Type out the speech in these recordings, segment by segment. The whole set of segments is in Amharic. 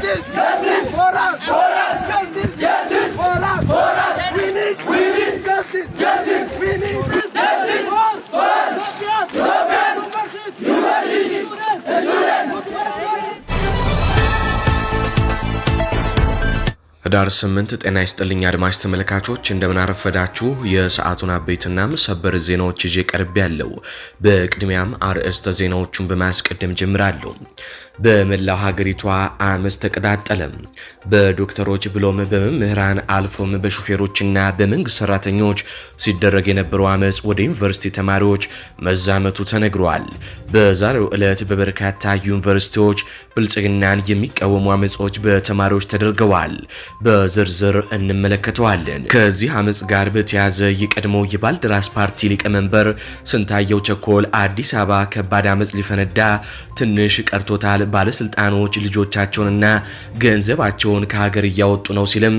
this ህዳር 8 ጤና ይስጥልኝ አድማጭ ተመልካቾች፣ እንደምናረፈዳችሁ የሰዓቱን አበይትና ሰበር ዜናዎች ይዤ ቀርብ ያለው። በቅድሚያም አርዕስተ ዜናዎቹን በማስቀደም ጀምራለሁ። በመላው ሀገሪቷ አመፅ ተቀጣጠለ። በዶክተሮች ብሎም በመምህራን አልፎም በሹፌሮችና በመንግስት ሰራተኞች ሲደረግ የነበረው አመፅ ወደ ዩኒቨርሲቲ ተማሪዎች መዛመቱ ተነግሯል። በዛሬው ዕለት በበርካታ ዩኒቨርሲቲዎች ብልጽግናን የሚቃወሙ አመፆች በተማሪዎች ተደርገዋል። በዝርዝር እንመለከተዋለን። ከዚህ አመፅ ጋር በተያዘ የቀድሞው የባልደራስ ፓርቲ ሊቀመንበር ስንታየው ቸኮል አዲስ አበባ ከባድ አመፅ ሊፈነዳ ትንሽ ቀርቶታል፣ ባለስልጣኖች ልጆቻቸውንና ገንዘባቸውን ከሀገር እያወጡ ነው ሲልም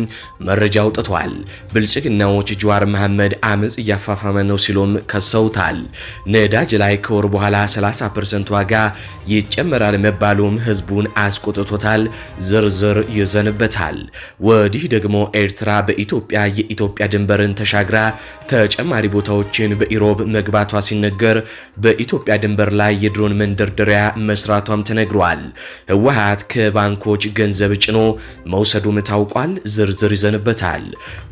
መረጃ አውጥቷል። ብልጽግናዎች ጀዋር መሐመድ አመፅ እያፋፋመ ነው ሲሉም ከሰውታል። ነዳጅ ላይ ከወር በኋላ 30 ፐርሰንት ዋጋ ይጨመራል መባሉም ህዝቡን አስቆጥቶታል። ዝርዝር ይዘንበታል። ወዲህ ደግሞ ኤርትራ በኢትዮጵያ የኢትዮጵያ ድንበርን ተሻግራ ተጨማሪ ቦታዎችን በኢሮብ መግባቷ ሲነገር በኢትዮጵያ ድንበር ላይ የድሮን መንደርደሪያ መስራቷም ተነግሯል። ህወሀት ከባንኮች ገንዘብ ጭኖ መውሰዱም ታውቋል። ዝርዝር ይዘንበታል።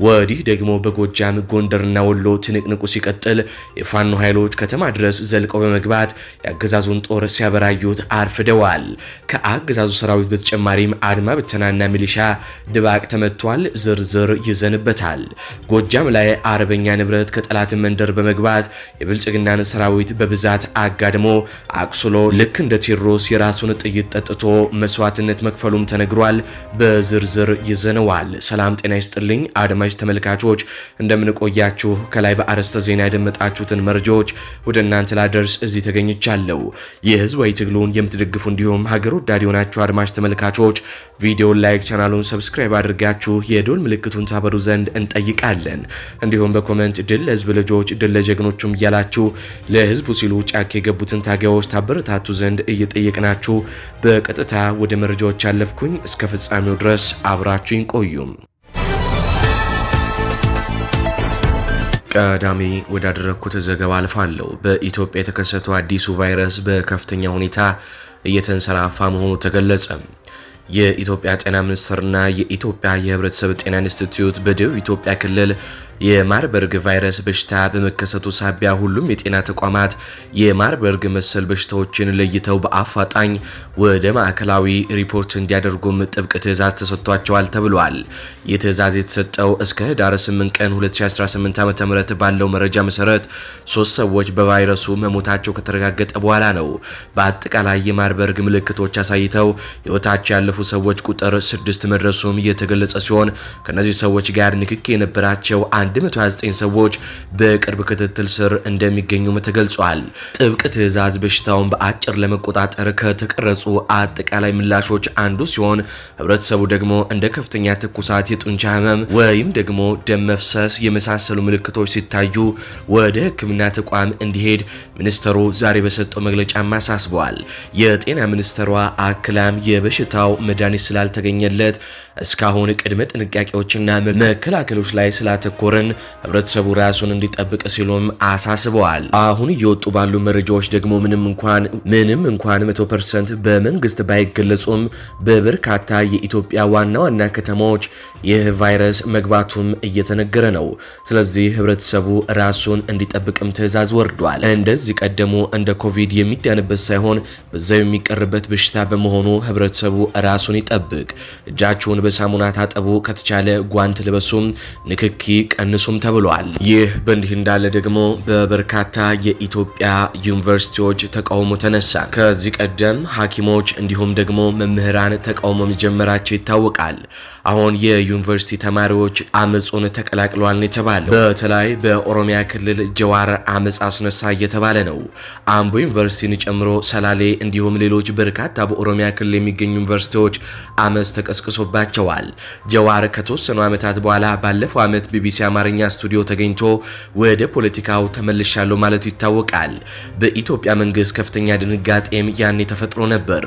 ወዲህ ደግሞ በጎጃም ጎንደርና ወሎ ትንቅንቁ ሲቀጥል የፋኖ ኃይሎች ከተማ ድረስ ዘልቀው በመግባት የአገዛዙን ጦር ሲያበራዩት አርፍደዋል። ከአገዛዙ ሰራዊት በተጨማሪም አድማ ብተናና ሚሊሻ ድባቅ ተመቷል። ዝርዝር ይዘንበታል። ጎጃም ላይ አርበኛ ንብረት ከጠላት መንደር በመግባት የብልጽግናን ሰራዊት በብዛት አጋድሞ አቁስሎ ልክ እንደ ቴዎድሮስ የራሱን ጥይት ጠጥቶ መስዋዕትነት መክፈሉም ተነግሯል። በዝርዝር ይዘነዋል። ሰላም ጤና ይስጥልኝ አድማጭ ተመልካቾች እንደምንቆያችሁ ከላይ በአርዕስተ ዜና የደመጣችሁትን መረጃዎች ወደ እናንተ ላደርስ እዚህ ተገኝቻለሁ። የህዝባዊ ትግሉን የምትደግፉ እንዲሁም ሀገር ወዳድ የሆናችሁ አድማጭ ተመልካቾች ቪዲዮን ላይክ፣ ቻናሉን ሰብስክራይብ አድርገ አድርጋችሁ የዶል ምልክቱን ታበሩ ዘንድ እንጠይቃለን። እንዲሁም በኮመንት ድል ለህዝብ ልጆች፣ ድል ለጀግኖቹም እያላችሁ ለህዝቡ ሲሉ ጫካ የገቡትን ታጋዮች ታበረታቱ ዘንድ እየጠየቅናችሁ በቀጥታ ወደ መረጃዎች ያለፍኩኝ። እስከ ፍጻሜው ድረስ አብራችሁኝ ቆዩም። ቀዳሚ ወዳደረግኩት ዘገባ አልፋለሁ። በኢትዮጵያ የተከሰተው አዲሱ ቫይረስ በከፍተኛ ሁኔታ እየተንሰራፋ መሆኑ ተገለጸ። የኢትዮጵያ ጤና ሚኒስቴርና የኢትዮጵያ የህብረተሰብ ጤና ኢንስቲትዩት በደቡብ ኢትዮጵያ ክልል የማርበርግ ቫይረስ በሽታ በመከሰቱ ሳቢያ ሁሉም የጤና ተቋማት የማርበርግ መሰል በሽታዎችን ለይተው በአፋጣኝ ወደ ማዕከላዊ ሪፖርት እንዲያደርጉም ጥብቅ ትዕዛዝ ተሰጥቷቸዋል ተብሏል። ይህ ትዕዛዝ የተሰጠው እስከ ህዳር 8 ቀን 2018 ዓ.ም ባለው መረጃ መሰረት ሶስት ሰዎች በቫይረሱ መሞታቸው ከተረጋገጠ በኋላ ነው። በአጠቃላይ የማርበርግ ምልክቶች አሳይተው ህይወታቸው ያለፉ ሰዎች ቁጥር ስድስት መድረሱም እየተገለጸ ሲሆን ከእነዚህ ሰዎች ጋር ንክኪ የነበራቸው 129 ሰዎች በቅርብ ክትትል ስር እንደሚገኙም ተገልጿል። ጥብቅ ትዕዛዝ በሽታውን በአጭር ለመቆጣጠር ከተቀረጹ አጠቃላይ ምላሾች አንዱ ሲሆን ህብረተሰቡ ደግሞ እንደ ከፍተኛ ትኩሳት፣ የጡንቻ ህመም ወይም ደግሞ ደም መፍሰስ የመሳሰሉ ምልክቶች ሲታዩ ወደ ሕክምና ተቋም እንዲሄድ ሚኒስተሩ ዛሬ በሰጠው መግለጫም አሳስበዋል። የጤና ሚኒስተሯ አክላም የበሽታው መድኃኒት ስላልተገኘለት እስካሁን ቅድመ ጥንቃቄዎችና መከላከሎች ላይ ስላተኮረ መኖርን ህብረተሰቡ ራሱን እንዲጠብቅ ሲሉም አሳስበዋል። አሁን እየወጡ ባሉ መረጃዎች ደግሞ ምንም እንኳን ምንም እንኳን መቶ ፐርሰንት በመንግስት ባይገለጹም በበርካታ የኢትዮጵያ ዋና ዋና ከተማዎች ይህ ቫይረስ መግባቱም እየተነገረ ነው። ስለዚህ ህብረተሰቡ ራሱን እንዲጠብቅም ትዕዛዝ ወርዷል። እንደዚህ ቀደሙ እንደ ኮቪድ የሚዳንበት ሳይሆን በዛው የሚቀርበት በሽታ በመሆኑ ህብረተሰቡ ራሱን ይጠብቅ። እጃችሁን በሳሙና ታጠቡ፣ ከተቻለ ጓንት ልበሱም፣ ንክኪ ቀ አይቀንሱም ተብሏል። ይህ በእንዲህ እንዳለ ደግሞ በበርካታ የኢትዮጵያ ዩኒቨርሲቲዎች ተቃውሞ ተነሳ። ከዚህ ቀደም ሐኪሞች እንዲሁም ደግሞ መምህራን ተቃውሞ መጀመራቸው ይታወቃል። አሁን የዩኒቨርሲቲ ተማሪዎች አመፁን ተቀላቅለዋል ነው የተባለው። በተለይ በኦሮሚያ ክልል ጀዋር አመፅ አስነሳ እየተባለ ነው። አምቦ ዩኒቨርሲቲን ጨምሮ ሰላሌ፣ እንዲሁም ሌሎች በርካታ በኦሮሚያ ክልል የሚገኙ ዩኒቨርሲቲዎች አመፅ ተቀስቅሶባቸዋል። ጀዋር ከተወሰኑ ዓመታት በኋላ ባለፈው ዓመት ቢቢሲ የአማርኛ ስቱዲዮ ተገኝቶ ወደ ፖለቲካው ተመልሻለሁ ማለቱ ይታወቃል። በኢትዮጵያ መንግስት ከፍተኛ ድንጋጤም ያኔ ተፈጥሮ ነበር።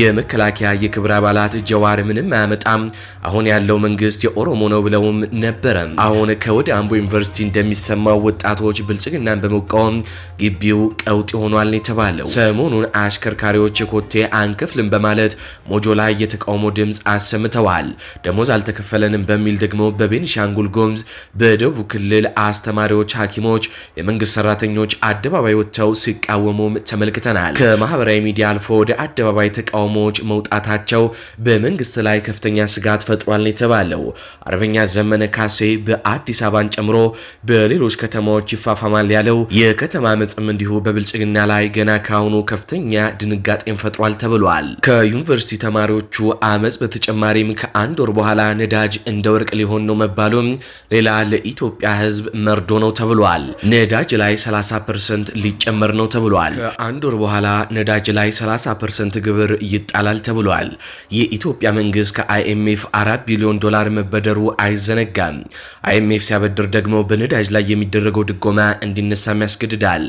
የመከላከያ የክብር አባላት ጀዋር ምንም አያመጣም፣ አሁን ያለው መንግስት የኦሮሞ ነው ብለውም ነበረ። አሁን ከወደ አምቦ ዩኒቨርሲቲ እንደሚሰማው ወጣቶች ብልጽግናን በመቃወም ግቢው ቀውጥ ሆኗል የተባለው ሰሞኑን አሽከርካሪዎች የኮቴ አንከፍልም በማለት ሞጆ ላይ የተቃውሞ ድምፅ አሰምተዋል። ደሞዝ አልተከፈለንም በሚል ደግሞ በቤንሻንጉል በ በደቡብ ክልል አስተማሪዎች፣ ሐኪሞች፣ የመንግስት ሰራተኞች አደባባይ ወጥተው ሲቃወሙም ተመልክተናል። ከማህበራዊ ሚዲያ አልፎ ወደ አደባባይ ተቃውሞዎች መውጣታቸው በመንግስት ላይ ከፍተኛ ስጋት ፈጥሯል ነው የተባለው። አርበኛ ዘመነ ካሴ በአዲስ አበባን ጨምሮ በሌሎች ከተማዎች ይፋፋማል ያለው የከተማ መጽም እንዲሁ በብልጽግና ላይ ገና ካሁኑ ከፍተኛ ድንጋጤን ፈጥሯል ተብሏል። ከዩኒቨርሲቲ ተማሪዎቹ አመፅ በተጨማሪም ከአንድ ወር በኋላ ነዳጅ እንደ ወርቅ ሊሆን ነው መባሉም ሌላ በኢትዮጵያ ህዝብ መርዶ ነው ተብሏል። ነዳጅ ላይ 30 ፐርሰንት ሊጨመር ነው ተብሏል። ከአንድ ወር በኋላ ነዳጅ ላይ 30 ፐርሰንት ግብር ይጣላል ተብሏል። የኢትዮጵያ መንግስት ከአይኤምኤፍ 4 ቢሊዮን ዶላር መበደሩ አይዘነጋም። አይኤምኤፍ ሲያበድር ደግሞ በነዳጅ ላይ የሚደረገው ድጎማ እንዲነሳም ያስገድዳል።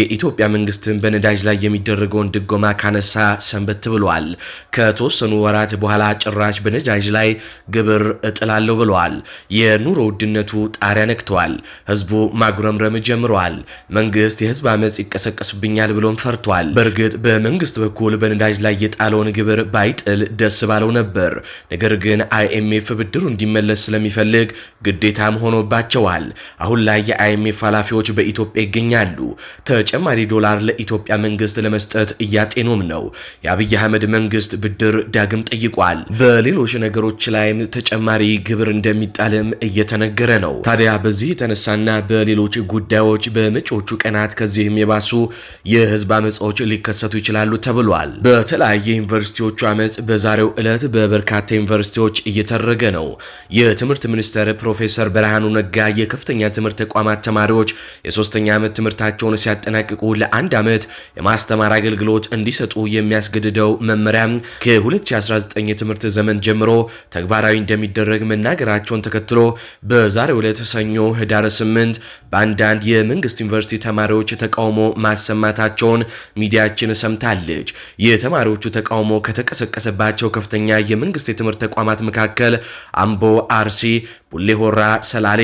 የኢትዮጵያ መንግስትም በነዳጅ ላይ የሚደረገውን ድጎማ ካነሳ ሰንበት ብሏል። ከተወሰኑ ወራት በኋላ ጭራሽ በነዳጅ ላይ ግብር እጥላለሁ ብሏል። የኑሮ ውድነቱ ጣሪያ ነክተዋል። ህዝቡ ማጉረምረም ጀምረዋል። መንግስት የህዝብ አመፅ ይቀሰቀስብኛል ብሎም ፈርቷል። በእርግጥ በመንግስት በኩል በነዳጅ ላይ የጣለውን ግብር ባይጥል ደስ ባለው ነበር። ነገር ግን አይኤምኤፍ ብድሩ እንዲመለስ ስለሚፈልግ ግዴታም ሆኖባቸዋል። አሁን ላይ የአይኤምኤፍ ኃላፊዎች በኢትዮጵያ ይገኛሉ። ተጨማሪ ዶላር ለኢትዮጵያ መንግስት ለመስጠት እያጤኑም ነው። የአብይ አህመድ መንግስት ብድር ዳግም ጠይቋል። በሌሎች ነገሮች ላይም ተጨማሪ ግብር እንደሚጣልም እየተነገረ ነው። ነው። ታዲያ በዚህ የተነሳና በሌሎች ጉዳዮች በመጪዎቹ ቀናት ከዚህም የባሱ የህዝብ አመፃዎች ሊከሰቱ ይችላሉ ተብሏል። በተለያየ ዩኒቨርሲቲዎቹ አመፅ በዛሬው ዕለት በበርካታ ዩኒቨርሲቲዎች እየተደረገ ነው። የትምህርት ሚኒስትር ፕሮፌሰር ብርሃኑ ነጋ የከፍተኛ ትምህርት ተቋማት ተማሪዎች የሶስተኛ ዓመት ትምህርታቸውን ሲያጠናቅቁ ለአንድ ዓመት የማስተማር አገልግሎት እንዲሰጡ የሚያስገድደው መመሪያ ከ2019 የትምህርት ዘመን ጀምሮ ተግባራዊ እንደሚደረግ መናገራቸውን ተከትሎ በዛሬው ዕለት ሰኞ ህዳር 8 በአንዳንድ የመንግስት ዩኒቨርሲቲ ተማሪዎች ተቃውሞ ማሰማታቸውን ሚዲያችን ሰምታለች። የተማሪዎቹ ተቃውሞ ከተቀሰቀሰባቸው ከፍተኛ የመንግስት የትምህርት ተቋማት መካከል አምቦ፣ አርሲ ቡሌ ሆራ፣ ሰላሌ፣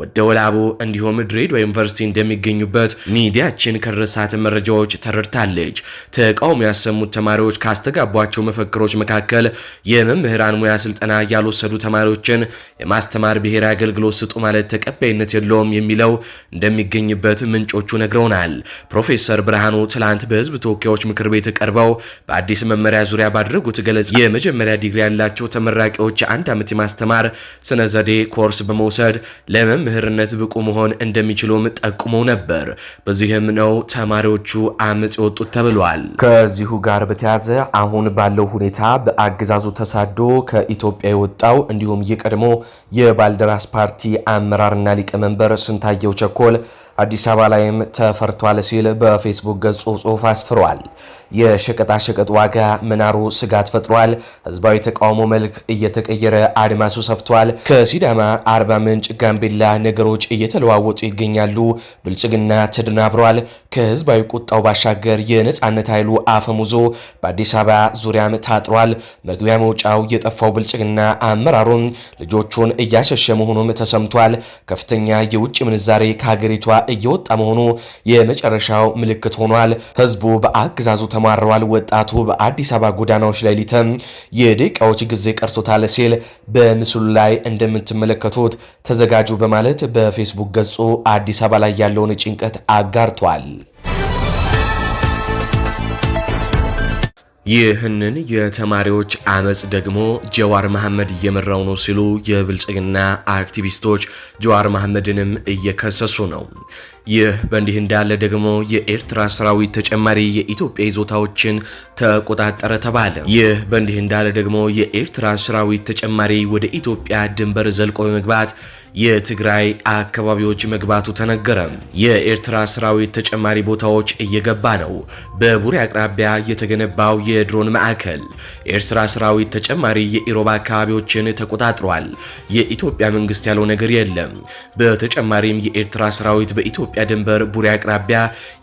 ወደወላቡ እንዲሁም ድሬዳዋ ዩኒቨርሲቲ እንደሚገኙበት ሚዲያችን ከደረሳት መረጃዎች ተረድታለች። ተቃውሞ ያሰሙት ተማሪዎች ካስተጋቧቸው መፈክሮች መካከል የመምህራን ሙያ ስልጠና ያልወሰዱ ተማሪዎችን የማስተማር ብሔራዊ አገልግሎት ስጡ ማለት ተቀባይነት የለውም የሚለው እንደሚገኝበት ምንጮቹ ነግረውናል። ፕሮፌሰር ብርሃኑ ትላንት በህዝብ ተወካዮች ምክር ቤት ቀርበው በአዲስ መመሪያ ዙሪያ ባደረጉት ገለጻ የመጀመሪያ ዲግሪ ያላቸው ተመራቂዎች የአንድ ዓመት የማስተማር ስነ ዘዴ ኮርስ በመውሰድ ለመምህርነት ብቁ መሆን እንደሚችሉም ጠቁመው ነበር። በዚህም ነው ተማሪዎቹ አመፅ የወጡት ተብሏል። ከዚሁ ጋር በተያዘ አሁን ባለው ሁኔታ በአገዛዙ ተሳዶ ከኢትዮጵያ የወጣው እንዲሁም የቀድሞ የባልደራስ ፓርቲ አመራርና ሊቀመንበር ስንታየው ቸኮል አዲስ አበባ ላይም ተፈርቷል ሲል በፌስቡክ ገጹ ጽሑፍ አስፍሯል። የሸቀጣሸቀጥ ዋጋ መናሩ ስጋት ፈጥሯል። ህዝባዊ ተቃውሞ መልክ እየተቀየረ አድማሱ ሰፍቷል። ከሲዳማ አርባ ምንጭ፣ ጋምቤላ ነገሮች እየተለዋወጡ ይገኛሉ። ብልጽግና ተደናብሯል። ከህዝባዊ ቁጣው ባሻገር የነፃነት ኃይሉ አፈሙዞ በአዲስ አበባ ዙሪያም ታጥሯል። መግቢያ መውጫው የጠፋው ብልጽግና አመራሩም ልጆቹን እያሸሸ መሆኑም ተሰምቷል። ከፍተኛ የውጭ ምንዛሬ ከሀገሪቷ እየወጣ መሆኑ የመጨረሻው ምልክት ሆኗል። ህዝቡ በአገዛዙ ተማረዋል። ወጣቱ በአዲስ አበባ ጎዳናዎች ላይ ሊተም የደቂቃዎች ጊዜ ቀርቶታል ሲል በምስሉ ላይ እንደምትመለከቱት ተዘጋጁ በማለት በፌስቡክ ገጹ አዲስ አበባ ላይ ያለውን ጭንቀት አጋርቷል። ይህንን የተማሪዎች አመፅ ደግሞ ጀዋር መሐመድ እየመራው ነው ሲሉ የብልጽግና አክቲቪስቶች ጀዋር መሐመድንም እየከሰሱ ነው። ይህ በእንዲህ እንዳለ ደግሞ የኤርትራ ሰራዊት ተጨማሪ የኢትዮጵያ ይዞታዎችን ተቆጣጠረ ተባለ። ይህ በእንዲህ እንዳለ ደግሞ የኤርትራ ሰራዊት ተጨማሪ ወደ ኢትዮጵያ ድንበር ዘልቆ በመግባት የትግራይ አካባቢዎች መግባቱ ተነገረ። የኤርትራ ሰራዊት ተጨማሪ ቦታዎች እየገባ ነው። በቡሬ አቅራቢያ የተገነባው የድሮን ማዕከል ኤርትራ ሰራዊት ተጨማሪ የኢሮብ አካባቢዎችን ተቆጣጥሯል። የኢትዮጵያ መንግስት ያለው ነገር የለም። በተጨማሪም የኤርትራ ሰራዊት በኢትዮጵያ ድንበር ቡሬ አቅራቢያ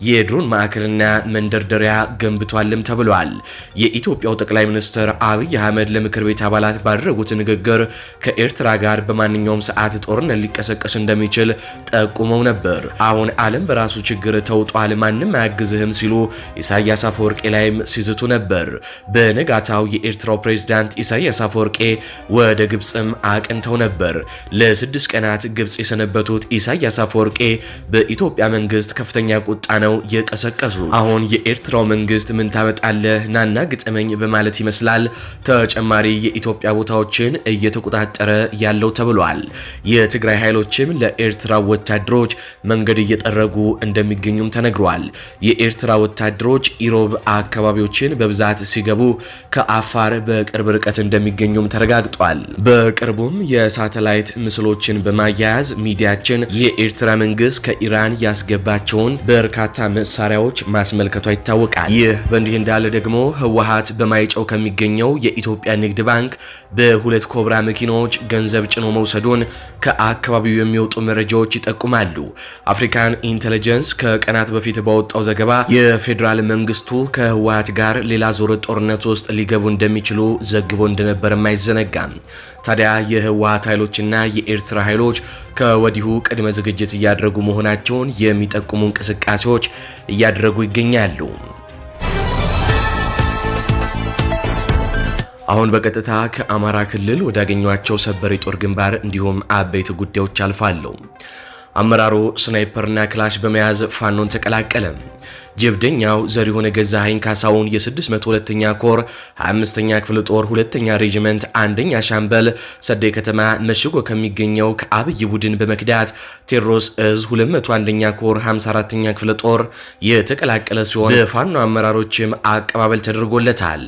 የድሮን ማዕከልና መንደርደሪያ ገንብቷልም ተብሏል። የኢትዮጵያው ጠቅላይ ሚኒስትር አብይ አህመድ ለምክር ቤት አባላት ባደረጉት ንግግር ከኤርትራ ጋር በማንኛውም ሰዓት ጦር ጦርነት ሊቀሰቀስ እንደሚችል ጠቁመው ነበር። አሁን ዓለም በራሱ ችግር ተውጧል፣ ማንም አያግዝህም ሲሉ ኢሳያስ አፈወርቄ ላይም ሲዝቱ ነበር። በነጋታው የኤርትራው ፕሬዝዳንት ኢሳያስ አፈወርቄ ወደ ግብፅም አቅንተው ነበር። ለስድስት ቀናት ግብፅ የሰነበቱት ኢሳያስ አፈወርቄ በኢትዮጵያ መንግስት ከፍተኛ ቁጣ ነው የቀሰቀሱ። አሁን የኤርትራው መንግስት ምን ታመጣለህ ናና ግጥመኝ በማለት ይመስላል ተጨማሪ የኢትዮጵያ ቦታዎችን እየተቆጣጠረ ያለው ተብሏል። የትግራይ ኃይሎችም ለኤርትራ ወታደሮች መንገድ እየጠረጉ እንደሚገኙም ተነግሯል። የኤርትራ ወታደሮች ኢሮብ አካባቢዎችን በብዛት ሲገቡ ከአፋር በቅርብ ርቀት እንደሚገኙም ተረጋግጧል። በቅርቡም የሳተላይት ምስሎችን በማያያዝ ሚዲያችን የኤርትራ መንግስት ከኢራን ያስገባቸውን በርካታ መሳሪያዎች ማስመልከቷ ይታወቃል። ይህ በእንዲህ እንዳለ ደግሞ ህወሀት በማይጨው ከሚገኘው የኢትዮጵያ ንግድ ባንክ በሁለት ኮብራ መኪናዎች ገንዘብ ጭኖ መውሰዱን ከ ከአካባቢው የሚወጡ መረጃዎች ይጠቁማሉ። አፍሪካን ኢንቴሊጀንስ ከቀናት በፊት ባወጣው ዘገባ የፌዴራል መንግስቱ ከህወሀት ጋር ሌላ ዙር ጦርነት ውስጥ ሊገቡ እንደሚችሉ ዘግቦ እንደነበርም አይዘነጋም። ታዲያ የህወሀት ኃይሎችና የኤርትራ ኃይሎች ከወዲሁ ቅድመ ዝግጅት እያደረጉ መሆናቸውን የሚጠቁሙ እንቅስቃሴዎች እያደረጉ ይገኛሉ። አሁን በቀጥታ ከአማራ ክልል ወዳገኟቸው ሰበር የጦር ግንባር እንዲሁም አበይት ጉዳዮች አልፋለሁ። አመራሩ ስናይፐርና ክላሽ በመያዝ ፋኖን ተቀላቀለ። ጀብደኛው ዘሪሁን ገዛኸኝ ካሳውን የ602ኛ ኮር 25ኛ ክፍል ጦር ሁለተኛ ሬጅመንት አንደኛ ሻምበል ሰደይ ከተማ መሽጎ ከሚገኘው ከአብይ ቡድን በመክዳት ቴዎድሮስ እዝ 201ኛ ኮር 54ኛ ክፍለ ጦር የተቀላቀለ ሲሆን በፋኖ አመራሮችም አቀባበል ተደርጎለታል።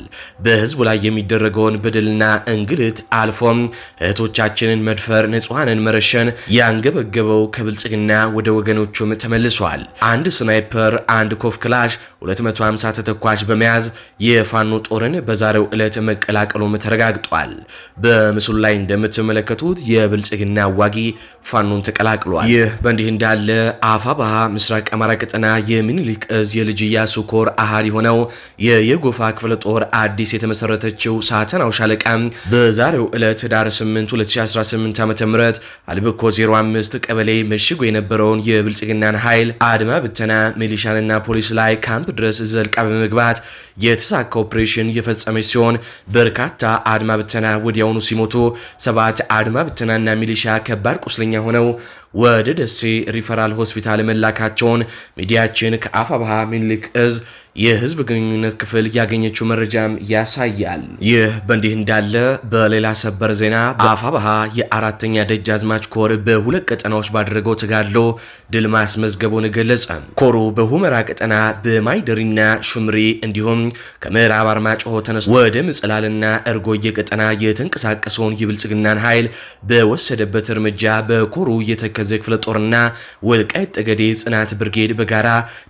በህዝቡ ላይ የሚደረገውን በደልና እንግልት አልፎም እህቶቻችንን መድፈር፣ ንጹሐንን መረሸን ያንገበገበው ከብልጽግና ወደ ወገኖቹም ተመልሷል። አንድ ስናይፐር አንድ ኮፍ ክላሽ 250 ተተኳሽ በመያዝ የፋኖ ጦርን በዛሬው ዕለት መቀላቀሉም ተረጋግጧል። በምስሉ ላይ እንደምትመለከቱት የብልጽግና አዋጊ ፋኖን ተቀላቅሏል። ይህ በእንዲህ እንዳለ አፋባሃ ምስራቅ አማራ ቀጠና የሚኒሊክ እዝ የልጅ ኢያሱ ኮር አሃድ የሆነው የየጎፋ ክፍለ ጦር አዲስ የተመሰረተችው ሳተናው ሻለቃ በዛሬው ዕለት ህዳር 8 2018 ዓ ም አልብኮ 05 ቀበሌ መሽጎ የነበረውን የብልጽግናን ኃይል አድማ ብተና ሚሊሻንና ፖሊስ ፖሊስ ላይ ካምፕ ድረስ ዘልቃ በመግባት የተሳካ ኦፕሬሽን እየፈጸመች ሲሆን በርካታ አድማ ብተና ወዲያውኑ ሲሞቱ ሰባት አድማ ብተናና ሚሊሻ ከባድ ቁስለኛ ሆነው ወደ ደሴ ሪፈራል ሆስፒታል መላካቸውን ሚዲያችን ከአፋብሃ ሚኒልክ እዝ የህዝብ ግንኙነት ክፍል ያገኘችው መረጃም ያሳያል። ይህ በእንዲህ እንዳለ በሌላ ሰበር ዜና በአፋባሃ የአራተኛ ደጃዝማች ኮር በሁለት ቀጠናዎች ባደረገው ተጋድሎ ድል ማስመዝገቡን ገለጸ። ኮሩ በሁመራ ቀጠና በማይደሪና ሹምሪ እንዲሁም ከምዕራብ አርማጭሆ ተነስ ወደ ምጽላልና እርጎየ ቀጠና የተንቀሳቀሰውን የብልጽግናን ኃይል በወሰደበት እርምጃ በኮሩ የተከዘ ክፍለ ጦርና ወልቃይት ጠገዴ ጽናት ብርጌድ በጋራ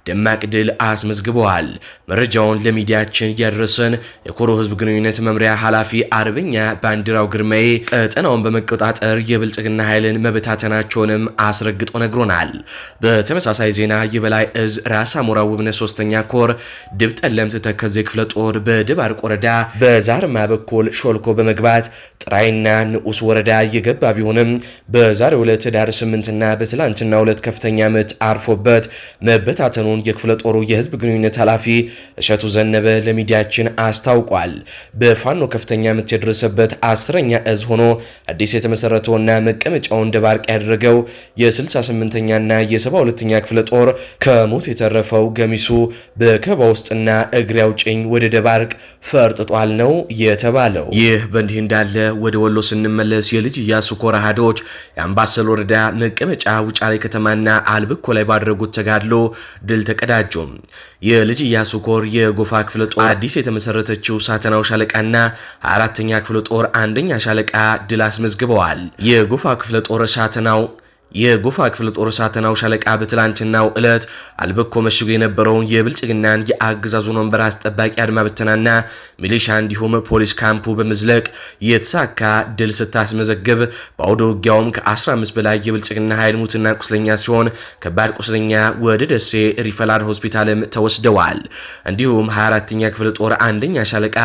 ደማቅ ድል አስመዝግበዋል። ገልጸዋል። መረጃውን ለሚዲያችን ያደረሰን የኮሮ ህዝብ ግንኙነት መምሪያ ኃላፊ አርበኛ ባንዲራው ግርማዬ ቀጠናውን በመቆጣጠር የብልጽግና ኃይልን መበታተናቸውንም አስረግጦ ነግሮናል። በተመሳሳይ ዜና የበላይ እዝ ራስ አሞራ ውብነ ሶስተኛ ኮር ድብ ጠለምት ተከዜ ክፍለ ጦር በድባርቅ ወረዳ በዛርማ በኩል ሾልኮ በመግባት ጥራይና ንዑስ ወረዳ የገባ ቢሆንም በዛሬው ዕለት ዳር 8ና በትላንትና ሁለት ከፍተኛ ምት አርፎበት መበታተኑን የክፍለ ጦሩ የህዝብ ግንኙነት ኃላፊ ኃላፊ እሸቱ ዘነበ ለሚዲያችን አስታውቋል። በፋኖ ከፍተኛ ምት የደረሰበት አስረኛ እዝ ሆኖ አዲስ የተመሰረተውና መቀመጫውን ደባርቅ ያደረገው የ68ኛና የ72ኛ ክፍለ ጦር ከሞት የተረፈው ገሚሱ በከባ ውስጥና እግሬ አውጭኝ ወደ ደባርቅ ፈርጥጧል ነው የተባለው። ይህ በእንዲህ እንዳለ ወደ ወሎ ስንመለስ የልጅ እያሱ ኮር አሃዶች የአምባሰል ወረዳ መቀመጫ ውጫሌ ከተማና አልብኮ ላይ ባደረጉት ተጋድሎ ድል ተቀዳጁም የልጅ ኢያሱ ኮር የጎፋ ክፍለ ጦር አዲስ የተመሰረተችው ሳተናው ሻለቃና አራተኛ ክፍለ ጦር አንደኛ ሻለቃ ድል አስመዝግበዋል። የጎፋ ክፍለ ጦር ሳተናው የጎፋ ክፍለ ጦር ሳተናው ሻለቃ በትላንትናው ዕለት አልበኮ መሽጎ የነበረውን የብልጽግናን የአገዛዙን ወንበር አስጠባቂ አድማ ብተናና ሚሊሻ እንዲሁም ፖሊስ ካምፑ በመዝለቅ የተሳካ ድል ስታስመዘግብ በአውደ ውጊያውም ከ15 በላይ የብልጽግና ኃይል ሙትና ቁስለኛ ሲሆን ከባድ ቁስለኛ ወደ ደሴ ሪፈላድ ሆስፒታልም ተወስደዋል። እንዲሁም 24ኛ ክፍለ ጦር አንደኛ ሻለቃ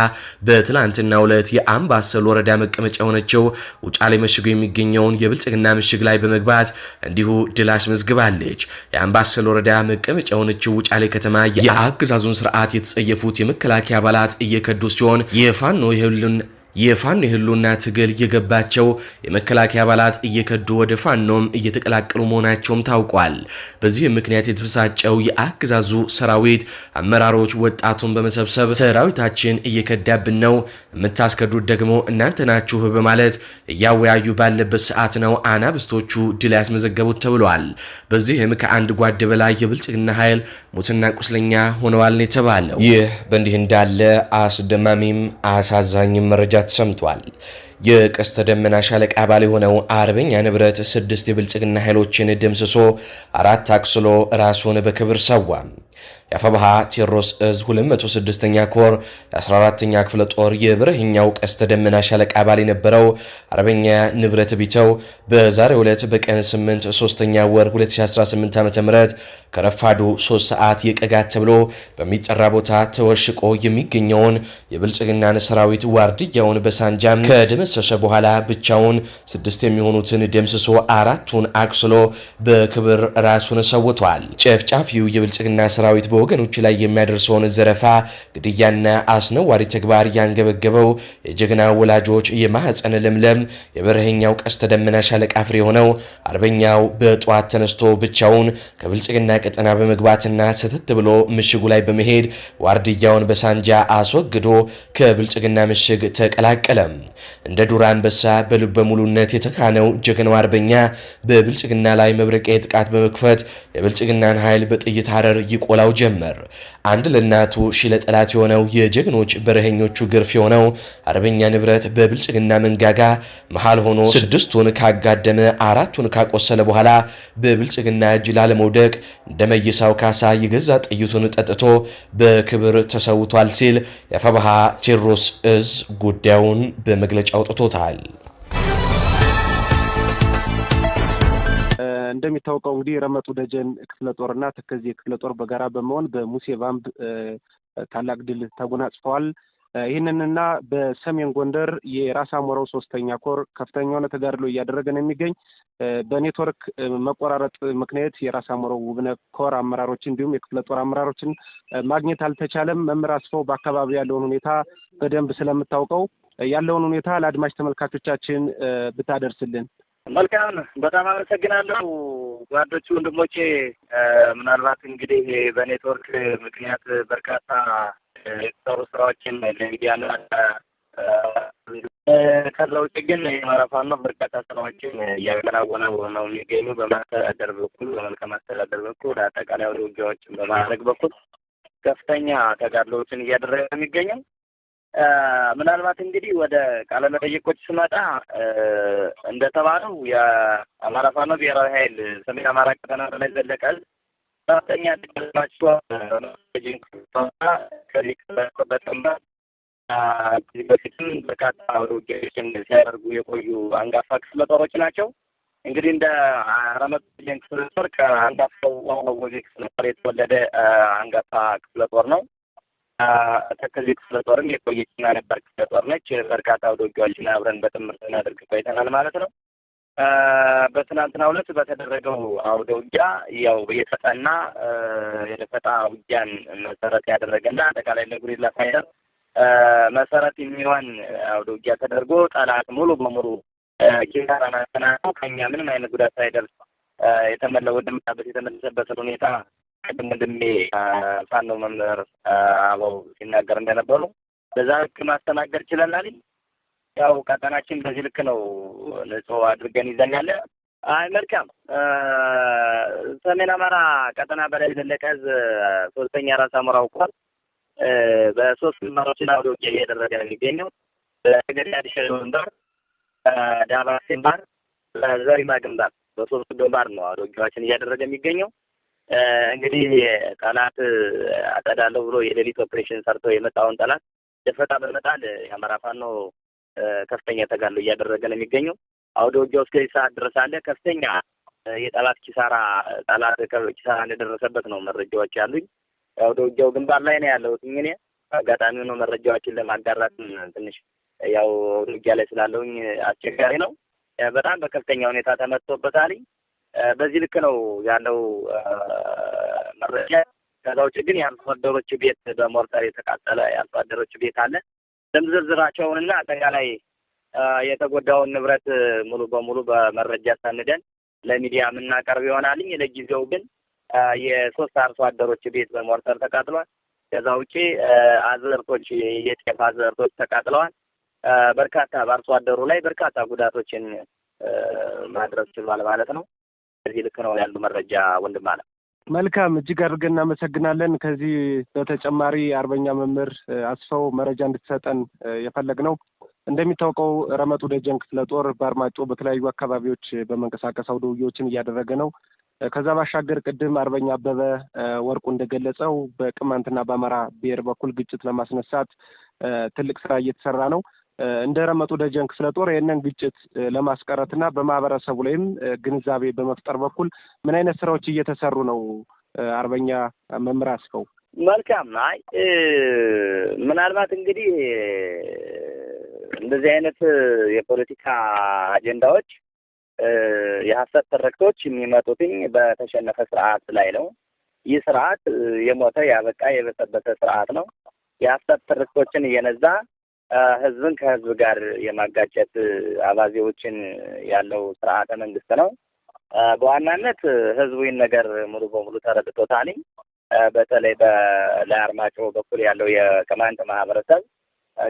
በትላንትናው ዕለት የአምባሰል ወረዳ መቀመጫ የሆነችው ውጫሌ መሽጎ የሚገኘውን የብልጽግና ምሽግ ላይ በመግባት እንዲሁ ድል አስመዝግባለች። የአምባሰል ወረዳ መቀመጫ የሆነችው ውጫሌ ከተማ የአገዛዙን ስርዓት የተጸየፉት የመከላከያ አባላት እየከዱ ሲሆን የፋኖ የህልን የፋኖ የህልውና ትግል የገባቸው የመከላከያ አባላት እየከዱ ወደ ፋኖም እየተቀላቀሉ መሆናቸውም ታውቋል። በዚህም ምክንያት የተበሳጨው የአገዛዙ ሰራዊት አመራሮች ወጣቱን በመሰብሰብ ሰራዊታችን እየከዳብን ነው፣ የምታስከዱት ደግሞ እናንተ ናችሁ በማለት እያወያዩ ባለበት ሰዓት ነው አናብስቶቹ ድል ያስመዘገቡት ተብሏል። በዚህም ከአንድ ጓድ በላይ የብልጽግና ኃይል ሙትና ቁስለኛ ሆነዋል የተባለው ይህ በእንዲህ እንዳለ አስደማሚም አሳዛኝም መረጃ ተሰምቷል። የቀስተ ደመና ሻለቃ አባል የሆነው አርበኛ ንብረት ስድስት የብልጽግና ኃይሎችን ደምስሶ አራት አቅስሎ ራሱን በክብር ሰዋ። የአፈባሃ ቴዎድሮስ እዝ 206ኛ ኮር የ14ኛ ክፍለ ጦር የብርህኛው ቀስተ ደመና ሻለቃ አባል የነበረው አርበኛ ንብረት ቢተው በዛሬው ዕለት በቀን 8 3ኛ ወር 2018 ዓ ም ከረፋዱ 3 ሰዓት የቀጋት ተብሎ በሚጠራ ቦታ ተወሽቆ የሚገኘውን የብልጽግናን ሰራዊት ዋርድያውን በሳንጃም ከደመሰሰ በኋላ ብቻውን ስድስት የሚሆኑትን ደምስሶ አራቱን አቁስሎ በክብር ራሱን ሰውቷል። ጨፍጫፊው የብልጽግና ሰራዊት በወገኖች ላይ የሚያደርሰውን ዘረፋ፣ ግድያና አስነዋሪ ተግባር ያንገበገበው የጀግና ወላጆች የማህፀን ለምለም የበረኸኛው ቀስተ ደመና ሻለቃ ፍሬ የሆነው አርበኛው በጠዋት ተነስቶ ብቻውን ከብልጽግና ቀጠና በመግባትና ስተት ብሎ ምሽጉ ላይ በመሄድ ዋርድያውን በሳንጃ አስወግዶ ከብልጽግና ምሽግ ተቀላቀለ። እንደ ዱር አንበሳ በልበ ሙሉነት የተካነው ጀግናው አርበኛ በብልጽግና ላይ መብረቂያ ጥቃት በመክፈት የብልጽግናን ኃይል በጥይት አረር ይቆላው ጀ ጀመር። አንድ ለእናቱ ሺ ለጠላት የሆነው የጀግኖች በረሄኞቹ ግርፍ የሆነው አርበኛ ንብረት በብልጽግና መንጋጋ መሃል ሆኖ ስድስቱን ካጋደመ አራቱን ካቆሰለ በኋላ በብልጽግና እጅ ላለመውደቅ እንደመይሳው ካሳ የገዛ ጥይቱን ጠጥቶ በክብር ተሰውቷል ሲል የአፋባሃ ቴዎድሮስ እዝ ጉዳዩን በመግለጫ አውጥቶታል። እንደሚታወቀው እንግዲህ ረመጡ ደጀን ክፍለ ጦርና ተከዜ ክፍለ ጦር በጋራ በመሆን በሙሴ ቫምብ ታላቅ ድል ተጎናጽፈዋል። ይህንንና በሰሜን ጎንደር የራስ አሞራው ሶስተኛ ኮር ከፍተኛ የሆነ ተጋድሎ እያደረገ ነው የሚገኝ። በኔትወርክ መቆራረጥ ምክንያት የራስ አሞራው ውብነ ኮር አመራሮችን እንዲሁም የክፍለ ጦር አመራሮችን ማግኘት አልተቻለም። መምህር አስፈው በአካባቢ ያለውን ሁኔታ በደንብ ስለምታውቀው ያለውን ሁኔታ ለአድማጭ ተመልካቾቻችን ብታደርስልን መልካም በጣም አመሰግናለሁ ጓዶቹ ወንድሞቼ። ምናልባት እንግዲህ በኔትወርክ ምክንያት በርካታ የተሰሩ ስራዎችን ለሚዲያና ከዛ ውጭ ግን የማራፋኖ በርካታ ስራዎችን እያከናወነው ነው የሚገኙ በማስተዳደር በኩል በመልካም አስተዳደር በኩል አጠቃላይ ውጊያዎችን በማድረግ በኩል ከፍተኛ ተጋድሎዎችን እያደረገ የሚገኘው ምናልባት እንግዲህ ወደ ቃለ መጠይቆች ስመጣ እንደተባለው የአማራ ፋኖ ብሔራዊ ኃይል ሰሜን አማራ ቀጠና በላይ ዘለቀል ሰባተኛ ተቀላቸው በፊትም በርካታ ውጊያዎችን ሲያደርጉ የቆዩ አንጋፋ ክፍለ ጦሮች ናቸው። እንግዲህ እንደ አረመጥ ክፍለ ጦር ከአንጋፋው ዋዜ ክፍለ ጦር የተወለደ አንጋፋ ክፍለ ጦር ነው። ተከዜ ክፍለ ጦርም የቆየችና ነበር ክፍለ ጦር ነች። በርካታ ውጊያዎችን አብረን በጥምር ስናደርግ ቆይተናል ማለት ነው። በትናንትና ሁለት በተደረገው አውደ ውጊያ ያው የተጠና የደፈጣ ውጊያን መሰረት ያደረገና አጠቃላይ ለጉሪላ ፋይደር መሰረት የሚሆን አውደ ውጊያ ተደርጎ ጠላት ሙሉ በሙሉ ኪሳራን አስተናግዶ ከኛ ምንም አይነት ጉዳት ሳይደርስ የተመለ ወደ የተመለሰበትን ሁኔታ ቅድም ወንድሜ ፋኖ መምህር አበው ሲናገር እንደነበሩ በዛ ልክ ማስተናገድ ችለናል። ያው ቀጠናችን በዚህ ልክ ነው ንጹህ አድርገን ይዘኛለ። አይ መልካም ሰሜን አማራ ቀጠና በላይ ዘለቀ እዝ ሶስተኛ ራስ አሞራ ውቋል በሶስት ግንባሮችና ወደ ውጊያ እያደረገ ነው የሚገኘው በገዳ ዲሸል ግንባር፣ ዳባሴ ግንባር፣ ዘሪማ ግንባር በሶስቱ ግንባር ነው ወደ ውጊያዎችን እያደረገ የሚገኘው። እንግዲህ ጠላት አጠዳለሁ ብሎ የሌሊት ኦፕሬሽን ሰርቶ የመጣውን ጠላት ደፈጣ በመጣል የአማራ ፋኖ ከፍተኛ ተጋድሎ እያደረገ ነው የሚገኘው። አውደ ውጊያው እስከዚህ ሰዓት ድረስ አለ። ከፍተኛ የጠላት ኪሳራ ጠላት ኪሳራ እንደደረሰበት ነው መረጃዎች ያሉኝ። አውደ ውጊያው ግንባር ላይ ነው ያለሁት እኔ አጋጣሚ ነው መረጃዎችን ለማጋራት ትንሽ ያው አውደ ውጊያ ላይ ስላለውኝ አስቸጋሪ ነው። በጣም በከፍተኛ ሁኔታ ተመትቶበታል። በዚህ ልክ ነው ያለው መረጃ። ከዛ ውጭ ግን የአርሶ ቤት በሞርተር የተቃጠለ የአርሶ አደሮች ቤት አለ። ደም አጠቃላይ የተጎዳውን ንብረት ሙሉ በሙሉ በመረጃ ሰንደን ለሚዲያ የምናቀርብ ይሆናልኝ። ለጊዜው ግን የሶስት አርሶ አደሮች ቤት በሞርተር ተቃጥሏል። ከዛ ውጪ አዘርቶች የጤፍ አዘርቶች ተቃጥለዋል። በርካታ በአርሶ አደሩ ላይ በርካታ ጉዳቶችን ማድረስ ችሏል ማለት ነው። ከዚህ ልክ ነው ያሉ መረጃ ወንድም አለ። መልካም እጅግ አድርገን እናመሰግናለን። ከዚህ በተጨማሪ አርበኛ መምህር አስፈው መረጃ እንድትሰጠን የፈለግ ነው። እንደሚታወቀው ረመጡ ደጀን ክፍለ ጦር በአርማጮ በተለያዩ አካባቢዎች በመንቀሳቀስ አውደ ውጊያዎችን እያደረገ ነው። ከዛ ባሻገር ቅድም አርበኛ አበበ ወርቁ እንደገለጸው በቅማንትና በአማራ ብሔር በኩል ግጭት ለማስነሳት ትልቅ ስራ እየተሰራ ነው። እንደ ረመጡ ደጀን ክፍለ ጦር ይህንን ግጭት ለማስቀረትና በማህበረሰቡ ላይም ግንዛቤ በመፍጠር በኩል ምን አይነት ስራዎች እየተሰሩ ነው? አርበኛ መምህር አስከው መልካም። አይ ምናልባት እንግዲህ እንደዚህ አይነት የፖለቲካ አጀንዳዎች የሀሰት ትርክቶች የሚመጡትኝ በተሸነፈ ስርዓት ላይ ነው። ይህ ስርዓት የሞተ ያበቃ የበሰበሰ ስርዓት ነው። የሀሰት ትርክቶችን እየነዛ ህዝብን ከህዝብ ጋር የማጋጨት አባዜዎችን ያለው ስርዓተ መንግስት ነው። በዋናነት ህዝቡ ይህን ነገር ሙሉ በሙሉ ተረድቶታል። በተለይ በላይ አርማጭሆ በኩል ያለው የቅማንት ማህበረሰብ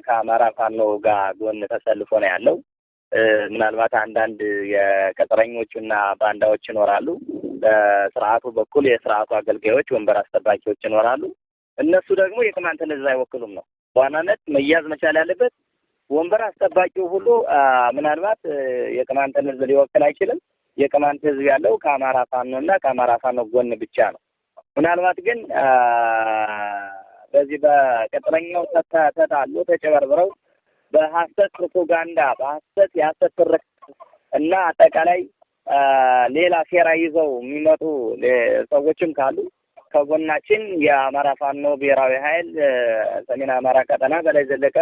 ከአማራ ፋኖ ጋር ጎን ተሰልፎ ነው ያለው። ምናልባት አንዳንድ የቅጥረኞቹና ባንዳዎች ይኖራሉ። በስርዓቱ በኩል የስርዓቱ አገልጋዮች፣ ወንበር አስጠባቂዎች ይኖራሉ። እነሱ ደግሞ የቅማንትን ህዝብ አይወክሉም ነው በዋናነት መያዝ መቻል ያለበት ወንበር አስጠባቂው ሁሉ ምናልባት የቅማንትን ህዝብ ሊወክል አይችልም። የቅማንት ህዝብ ያለው ከአማራ ፋኖ እና ከአማራ ፋኖ ጎን ብቻ ነው። ምናልባት ግን በዚህ በቅጥረኛው ተታሉ ተጨበርብረው በሀሰት ፕሮፓጋንዳ በሀሰት የሀሰት ትርክት እና አጠቃላይ ሌላ ሴራ ይዘው የሚመጡ ሰዎችም ካሉ ከጎናችን የአማራ ፋኖ ብሔራዊ ኃይል ሰሜን አማራ ቀጠና በላይ ዘለቀ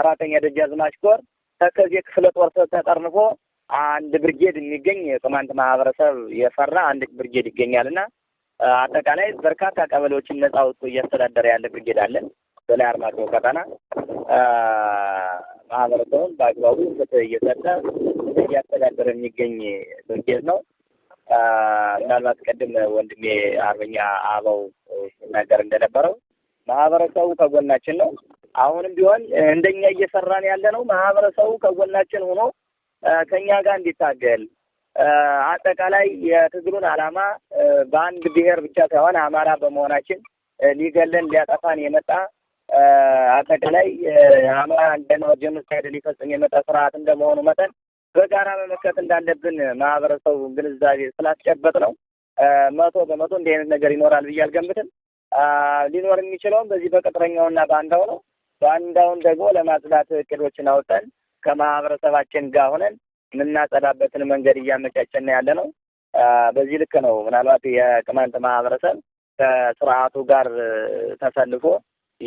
አራተኛ ደጃዝማች ኮር ተከዜ ክፍለ ጦር ተጠርንፎ አንድ ብርጌድ የሚገኝ የቅማንት ማህበረሰብ የፈራ አንድ ብርጌድ ይገኛል እና አጠቃላይ በርካታ ቀበሌዎችን ነጻ አውጥቶ እያስተዳደረ ያለ ብርጌድ አለን። በላይ አርማጭሆ ቀጠና ማህበረሰቡን በአግባቡ ፍትህ እየሰጠ እያስተዳደረ የሚገኝ ብርጌድ ነው። ምናልባት ቅድም ወንድሜ አርበኛ አበው ሲናገር እንደነበረው ማህበረሰቡ ከጎናችን ነው። አሁንም ቢሆን እንደኛ እየሰራን ያለ ነው። ማህበረሰቡ ከጎናችን ሆኖ ከኛ ጋር እንዲታገል አጠቃላይ የትግሉን ዓላማ በአንድ ብሔር ብቻ ሳይሆን አማራ በመሆናችን ሊገለን ሊያጠፋን የመጣ አጠቃላይ አማራ እንደ ጀኖሳይድ ሊፈጽም የመጣ ስርዓት እንደመሆኑ መጠን በጋራ መመከት እንዳለብን ማህበረሰቡ ግንዛቤ ስላስጨበጥ ነው መቶ በመቶ እንዲህ አይነት ነገር ይኖራል ብዬ አልገምትም። ሊኖር የሚችለውም በዚህ በቅጥረኛውና በአንዳው ነው። በአንዳውን ደግሞ ለማጽዳት እቅዶችን አውጠን ከማህበረሰባችን ጋር ሆነን የምናጸዳበትን መንገድ እያመቻቸን ያለ ነው። በዚህ ልክ ነው። ምናልባት የቅማንት ማህበረሰብ ከስርዓቱ ጋር ተሰልፎ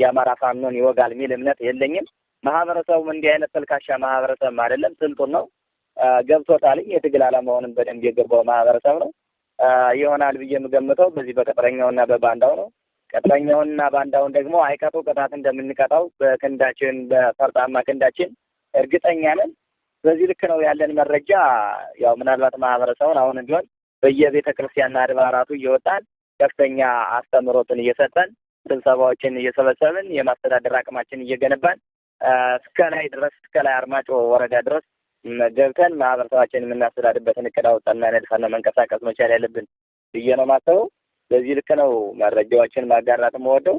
የአማራ ፋኖን ይወጋል የሚል እምነት የለኝም። ማህበረሰቡም እንዲህ አይነት ተልካሻ ማህበረሰብም አይደለም። ስልጡን ነው። ገብቶታል። የትግል አላማውንም በደንብ የገባው ማህበረሰብ ነው ይሆናል ብዬ የምገምተው በዚህ በቅጥረኛውና በባንዳው ነው። ቅጥረኛውንና ባንዳውን ደግሞ አይቀጡ ቅጣት እንደምንቀጣው በክንዳችን በፈርጣማ ክንዳችን እርግጠኛ ነን። በዚህ ልክ ነው ያለን መረጃ። ያው ምናልባት ማህበረሰቡን አሁንም ቢሆን በየቤተ ክርስቲያንና አድባራቱ እየወጣን ከፍተኛ አስተምሮትን እየሰጠን ስብሰባዎችን እየሰበሰብን የማስተዳደር አቅማችን እየገነባን እስከ ላይ ድረስ እስከ ላይ አርማጮ ወረዳ ድረስ ገብተን ማህበረሰባችን የምናስተዳድበትን እቅድ አውጣና ነድፈና መንቀሳቀስ መቻል ያለብን ብዬ ነው ማሰበው። በዚህ ልክ ነው መረጃዎችን ማጋራት መወደው።